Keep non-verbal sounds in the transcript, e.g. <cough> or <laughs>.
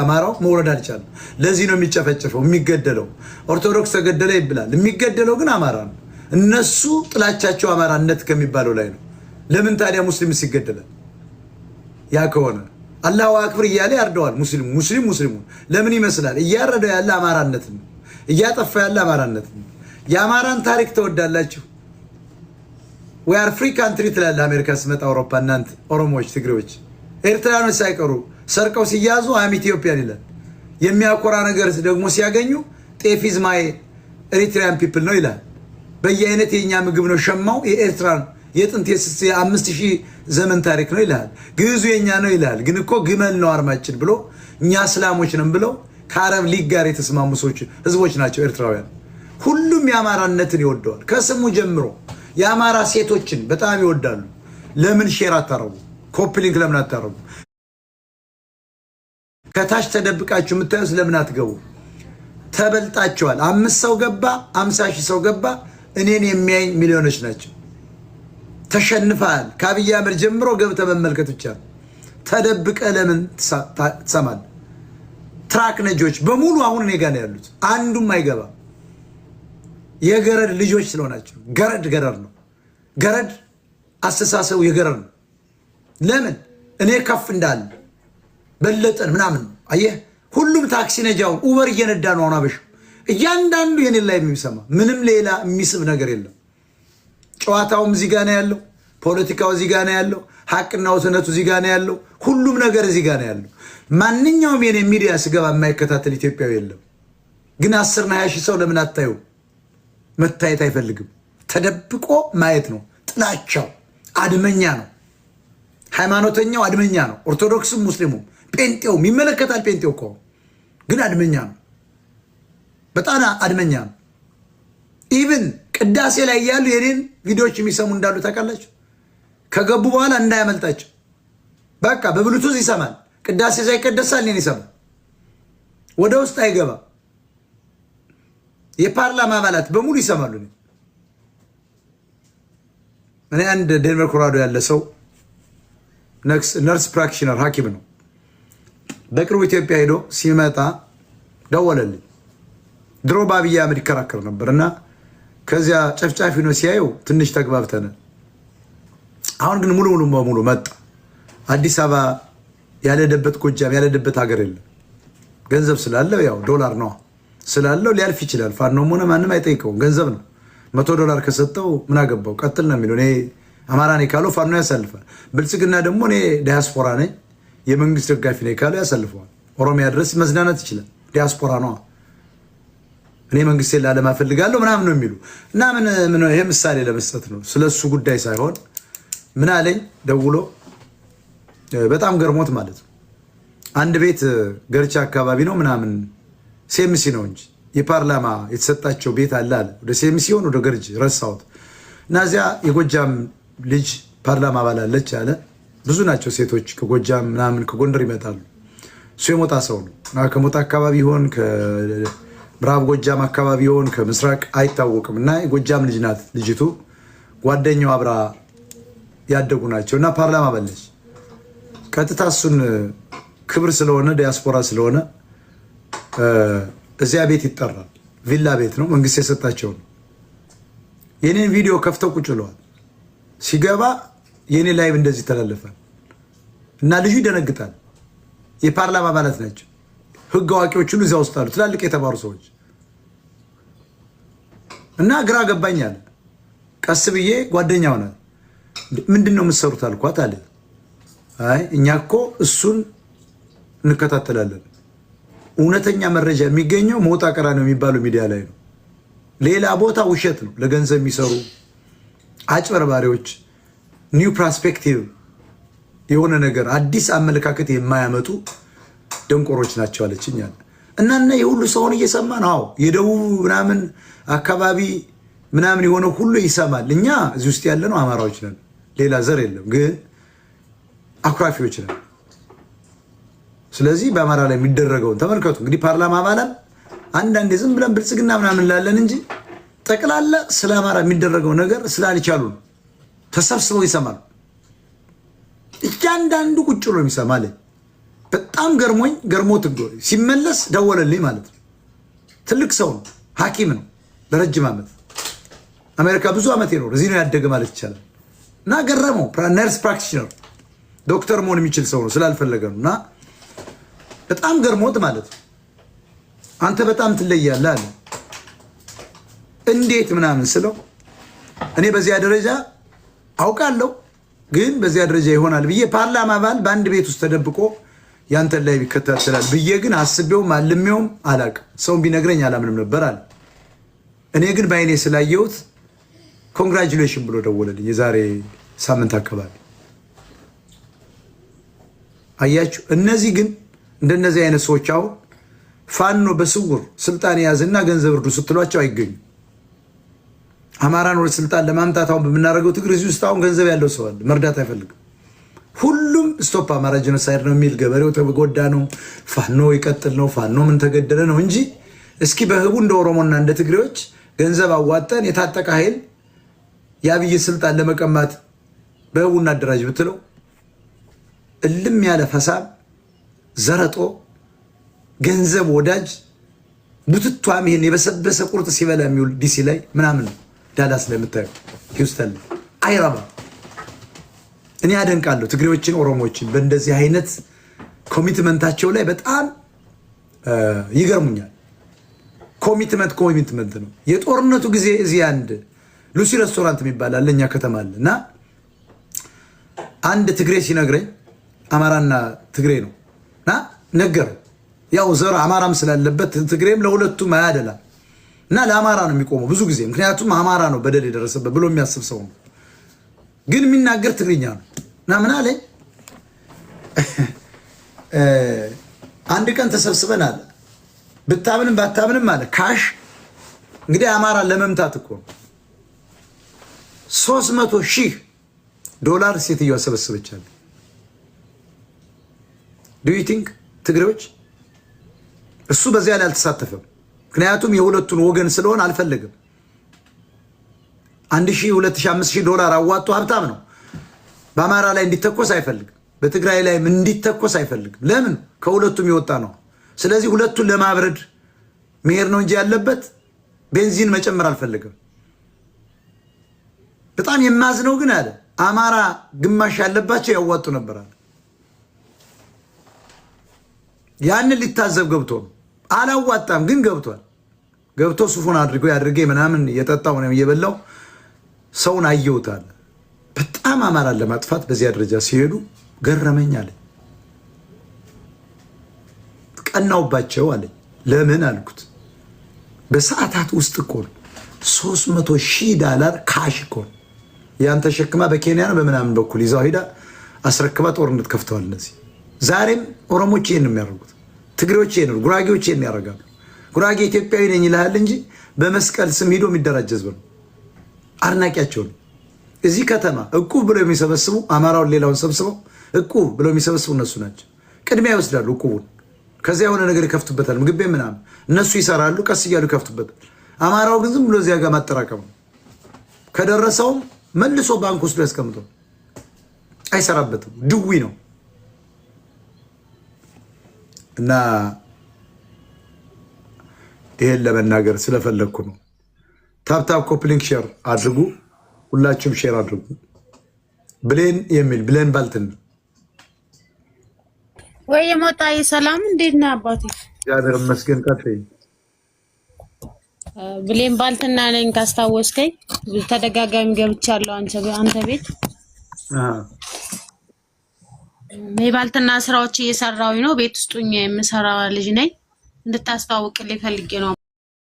አማራው መውረድ አልቻለም። ለዚህ ነው የሚጨፈጨፈው የሚገደለው። ኦርቶዶክስ ተገደለ ይብላል፣ የሚገደለው ግን አማራ ነው። እነሱ ጥላቻቸው አማራነት ከሚባለው ላይ ነው። ለምን ታዲያ ሙስሊምስ ይገደላል? ያ ከሆነ አላሁ አክብር እያለ ያርደዋል። ሙስሊሙ ሙስሊም ሙስሊሙ ለምን ይመስላል? እያረደው ያለ አማራነት ነው። እያጠፋ ያለ አማራነት ነው። የአማራን ታሪክ ተወዳላችሁ ወይ? አር ፍሪ ካንትሪ አሜሪካ ስመጣ አውሮፓ፣ እናንተ ኦሮሞዎች፣ ትግሬዎች፣ ኤርትራኖች ሳይቀሩ ሰርቀው ሲያዙ አም ኢትዮጵያን ይላል። የሚያኮራ ነገር ደግሞ ሲያገኙ ጤፊዝ ማይ ኤሪትሪያን ፒፕል ነው ይላል። በየአይነት የእኛ ምግብ ነው ሸማው የኤርትራን የጥንት የአምስት ሺህ ዘመን ታሪክ ነው ይላል። ግዕዙ የኛ ነው ይላል። ግን እኮ ግመል ነው አርማችን ብሎ እኛ እስላሞች ነን ብለው ከአረብ ሊግ ጋር የተስማሙ ሰዎች ህዝቦች ናቸው ኤርትራውያን። ሁሉም የአማራነትን ይወደዋል ከስሙ ጀምሮ። የአማራ ሴቶችን በጣም ይወዳሉ። ለምን ሼር አታረጉ? ኮፕሊንክ ለምን አታረጉ? ከታች ተደብቃችሁ የምታዩት ስለምን አትገቡ? ተበልጣችኋል። አምስት ሰው ገባ፣ አምሳ ሺህ ሰው ገባ። እኔን የሚያይ ሚሊዮኖች ናቸው። ተሸንፈሃል። ከአብይ አህመድ ጀምሮ ገብተህ መመልከት ብቻ ተደብቀ ለምን ትሰማል? ትራክ ነጆች በሙሉ አሁን እኔ ጋር ነው ያሉት። አንዱም አይገባ። የገረድ ልጆች ስለሆናቸው ገረድ ገረድ ነው። ገረድ አስተሳሰቡ የገረድ ነው። ለምን እኔ ከፍ እንዳለ በለጠን ምናምን አየህ፣ ሁሉም ታክሲ ነጃው ኡበር እየነዳ ነው አሁን አበሻው። እያንዳንዱ የኔን ላይ የሚሰማ ምንም ሌላ የሚስብ ነገር የለም። ጨዋታውም እዚህ ጋ ነው ያለው። ፖለቲካው እዚህ ጋ ነው ያለው። ሀቅና ውስነቱ እዚህ ጋ ነው ያለው። ሁሉም ነገር እዚህ ጋ ነው ያለው። ማንኛውም የኔ ሚዲያ ስገባ የማይከታተል ኢትዮጵያዊ የለም። ግን አስርና ሀያ ሺህ ሰው ለምን አታዩ? መታየት አይፈልግም። ተደብቆ ማየት ነው ጥላቻው። አድመኛ ነው ሃይማኖተኛው፣ አድመኛ ነው ኦርቶዶክስም ሙስሊሙም ጴንጤውም ይመለከታል። ጴንጤው እኮ ግን አድመኛ ነው፣ በጣም አድመኛ ነው። ኢቭን ቅዳሴ ላይ እያሉ የኔን ቪዲዮዎች የሚሰሙ እንዳሉ ታውቃላችሁ። ከገቡ በኋላ እንዳያመልጣቸው በቃ በብሉቱዝ ይሰማል። ቅዳሴ ሳይቀደሳል እኔን ይሰማል። ወደ ውስጥ አይገባ የፓርላማ አባላት በሙሉ ይሰማሉ። እኔ አንድ ዴንቨር ኮሎራዶ ያለ ሰው ነርስ ፕራክቲሽነር ሐኪም ነው በቅርቡ ኢትዮጵያ ሄዶ ሲመጣ ደወለልኝ። ድሮ በአብይ አህመድ ይከራከር ነበር እና ከዚያ ጨፍጫፊ ነው ሲያየው ትንሽ ተግባብተን፣ አሁን ግን ሙሉ ሙሉ በሙሉ መጣ። አዲስ አበባ ያለደበት ጎጃም ያለደበት ሀገር የለም። ገንዘብ ስላለው ያው ዶላር ነዋ ስላለው ሊያልፍ ይችላል። ፋኖም ሆነ ማንም አይጠይቀውም። ገንዘብ ነው። መቶ ዶላር ከሰጠው ምን አገባው? ቀጥል ነው የሚለው። እኔ አማራ ነኝ ካለው ፋኖ ያሳልፋል። ብልጽግና ደግሞ እኔ ዲያስፖራ ነኝ የመንግስት ደጋፊ ነኝ ካለ ያሳልፈዋል። ኦሮሚያ ድረስ መዝናናት ይችላል። ዲያስፖራ ነዋ። እኔ መንግስት ላለም አፈልጋለሁ ምናምን ነው የሚሉ እና ምን ይሄ ምሳሌ ለመስጠት ነው፣ ስለሱ ጉዳይ ሳይሆን ምን አለኝ ደውሎ በጣም ገርሞት ማለት ነው። አንድ ቤት ገርቻ አካባቢ ነው ምናምን ሴምሲ ነው እንጂ የፓርላማ የተሰጣቸው ቤት አለ አለ። ወደ ሴምሲ ሆን ወደ ገርጅ ረሳሁት እና እዚያ የጎጃም ልጅ ፓርላማ አለች አለ ብዙ ናቸው ሴቶች ከጎጃም ምናምን ከጎንደር ይመጣሉ። እሱ የሞጣ ሰው ነው እና ከሞጣ አካባቢ ይሆን ከምዕራብ ጎጃም አካባቢ ይሆን ከምስራቅ አይታወቅም። እና የጎጃም ልጅ ናት ልጅቱ ጓደኛው አብራ ያደጉ ናቸው እና ፓርላማ በለች። ቀጥታ እሱን ክብር ስለሆነ ዲያስፖራ ስለሆነ እዚያ ቤት ይጠራል። ቪላ ቤት ነው መንግስት የሰጣቸው ነው። የኔን ቪዲዮ ከፍተው ቁጭ ብለዋል ሲገባ የእኔ ላይብ እንደዚህ ይተላለፋል እና ልጁ ይደነግጣል። የፓርላማ አባላት ናቸው፣ ህግ አዋቂዎች ሁሉ እዚያ ውስጥ አሉ፣ ትላልቅ የተባሩ ሰዎች እና ግራ ገባኝ አለ። ቀስ ብዬ ጓደኛ ሆነ። ምንድን ነው የምትሰሩት አልኳት አለ። አይ እኛ እኮ እሱን እንከታተላለን። እውነተኛ መረጃ የሚገኘው ሞጣ ነው የሚባለው ሚዲያ ላይ ነው። ሌላ ቦታ ውሸት ነው። ለገንዘብ የሚሰሩ አጭበርባሪዎች ኒው ፕራስፔክቲቭ የሆነ ነገር አዲስ አመለካከት የማያመጡ ደንቆሮች ናቸው አለችኝ እና እና የሁሉ ሰውን እየሰማ ነው የደቡብ ምናምን አካባቢ ምናምን የሆነ ሁሉ ይሰማል። እኛ እዚህ ውስጥ ያለ ነው አማራዎች ነን፣ ሌላ ዘር የለም፣ ግን አኩራፊዎች ነን። ስለዚህ በአማራ ላይ የሚደረገውን ተመልከቱ። እንግዲህ ፓርላማ አባላም አንዳንዴ ዝም ብለን ብልጽግና ምናምን ላለን እንጂ ጠቅላላ ስለ አማራ የሚደረገው ነገር ስላልቻሉ ነው። ተሰብስበው ይሰማል። እያንዳንዱ ቁጭ ብሎ የሚሰማ በጣም ገርሞኝ ገርሞት ሲመለስ ደወለልኝ ማለት ነው። ትልቅ ሰው ነው፣ ሐኪም ነው። ለረጅም ዓመት አሜሪካ ብዙ ዓመት ይኖር እዚህ ነው ያደገ ማለት ይቻላል። እና ገረመው። ነርስ ፕራክቲሽነር ዶክተር መሆን የሚችል ሰው ነው ስላልፈለገ ነው። እና በጣም ገርሞት ማለት ነው አንተ በጣም ትለያለህ አለ። እንዴት ምናምን ስለው እኔ በዚያ ደረጃ አውቃለሁ፣ ግን በዚያ ደረጃ ይሆናል ብዬ ፓርላማ አባል በአንድ ቤት ውስጥ ተደብቆ ያንተ ላይ ይከታተላል ብዬ ግን አስቤውም አልሜውም አላቅም። ሰውን ቢነግረኝ አላምንም ነበር አለ። እኔ ግን በአይኔ ስላየሁት ኮንግራጁሌሽን ብሎ ደወለልኝ። የዛሬ ሳምንት አካባቢ አያችሁ። እነዚህ ግን እንደነዚህ አይነት ሰዎች አሁን ፋኖ በስውር ስልጣን የያዝና ገንዘብ እርዱ ስትሏቸው አይገኙም። አማራን ወደ ስልጣን ለማምጣት አሁን በምናደርገው ትግሬ ውስጥ አሁን ገንዘብ ያለው ሰው አለ፣ መርዳት አይፈልግም። ሁሉም ስቶፕ አማራ ጀኖሳይድ ነው የሚል ገበሬው ተጎዳ ነው፣ ፋኖ ይቀጥል ነው፣ ፋኖ ምን ተገደለ ነው እንጂ እስኪ በህቡ እንደ ኦሮሞና እንደ ትግሬዎች ገንዘብ አዋጠን የታጠቀ ኃይል የአብይ ስልጣን ለመቀማት በህቡ እናደራጅ ብትለው እልም ያለ ፈሳብ ዘረጦ ገንዘብ ወዳጅ ቡትቷም ይሄን የበሰበሰ ቁርጥ ሲበላ የሚውል ዲሲ ላይ ምናምን ነው። ዳላስ ለምታዩ ሂውስተን አይረባ። እኔ አደንቃለሁ ትግሬዎችን፣ ኦሮሞዎችን በእንደዚህ አይነት ኮሚትመንታቸው ላይ በጣም ይገርሙኛል። ኮሚትመንት ኮሚትመንት ነው። የጦርነቱ ጊዜ እዚህ አንድ ሉሲ ሬስቶራንት የሚባል አለ እኛ ከተማ አለ እና አንድ ትግሬ ሲነግረኝ አማራና ትግሬ ነው እና ነገር ያው ዘር አማራም ስላለበት ትግሬም ለሁለቱም አያደላም እና ለአማራ ነው የሚቆመው ብዙ ጊዜ ምክንያቱም አማራ ነው በደል የደረሰበት ብሎ የሚያስብ ሰው ነው። ግን የሚናገር ትግርኛ ነው እና ምን አለኝ <laughs> አንድ ቀን ተሰብስበን አለ ብታምንም ባታምንም አለ ካሽ እንግዲህ አማራ ለመምታት እኮ ሶስት መቶ ሺህ ዶላር ሴትዮዋ ሰበስበቻለ። ዱ ዩ ቲንክ ትግሬዎች እሱ በዚያ ላይ አልተሳተፈም። ምክንያቱም የሁለቱን ወገን ስለሆን አልፈልግም። አንድ ሺህ ሁለት ሺህ አምስት ሺህ ዶላር አዋጡ ሀብታም ነው። በአማራ ላይ እንዲተኮስ አይፈልግም። በትግራይ ላይም እንዲተኮስ አይፈልግም። ለምን? ከሁለቱም የወጣ ነው። ስለዚህ ሁለቱን ለማብረድ መሄድ ነው እንጂ ያለበት ቤንዚን መጨመር አልፈልግም። በጣም የማዝነው ግን አለ አማራ ግማሽ ያለባቸው ያዋጡ ነበራል። ያንን ሊታዘብ ገብቶ ነው አላዋጣም ግን ገብቷል። ገብቶ ሱፉን አድርገው ያድርጌ ምናምን የጠጣው ነው እየበላው ሰውን አየውታል። በጣም አማራን ለማጥፋት በዚያ ደረጃ ሲሄዱ ገረመኝ አለ። ቀናውባቸው አለ። ለምን አልኩት። በሰዓታት ውስጥ እኮ ነው ሶስት መቶ ሺህ ዳላር ካሽ እኮ ነው ያን ተሸክማ በኬንያ ነው በምናምን በኩል ይዛው ሄዳ አስረክባ ጦርነት ከፍተዋል። እነዚህ ዛሬም ኦሮሞች ይህን የሚያደርጉት ትግሬዎች ይህን ጉራጌዎች ይሄን ያደርጋሉ። ጉራጌ ኢትዮጵያዊ ነኝ ይልሃል እንጂ በመስቀል ስም ሂዶ የሚደራጅ ህዝብ ነው። አድናቂያቸው ነው። እዚህ ከተማ እቁብ ብለው የሚሰበስቡ አማራውን ሌላውን ሰብስበው እቁብ ብለው የሚሰበስቡ እነሱ ናቸው። ቅድሚያ ይወስዳሉ እቁቡን። ከዚያ የሆነ ነገር ይከፍቱበታል፣ ምግቤ ምናምን እነሱ ይሰራሉ፣ ቀስ እያሉ ይከፍቱበታል። አማራው ግን ዝም ብሎ እዚያ ጋር ማጠራቀሙ ከደረሰውም መልሶ ባንክ ውስጥ ያስቀምጦ አይሰራበትም። ድዊ ነው እና ይሄን ለመናገር ስለፈለግኩ ነው። ታፕታፕ ኮፕሊንግ ሼር አድርጉ፣ ሁላችሁም ሼር አድርጉ። ብሌን የሚል ብሌን ባልትን ወይ የሞጣዬ ሰላም፣ እንዴት ነህ አባቴ? እግዚአብሔር ይመስገን። ብሌን ባልትና ነኝ ካስታወስከኝ፣ ተደጋጋሚ ገብቻለሁ አንተ ቤት። የባልትና ስራዎች እየሰራሁኝ ነው። ቤት ውስጡኛ የምሰራ ልጅ ነኝ። እንድታስተዋውቅልኝ ፈልጌ ነው።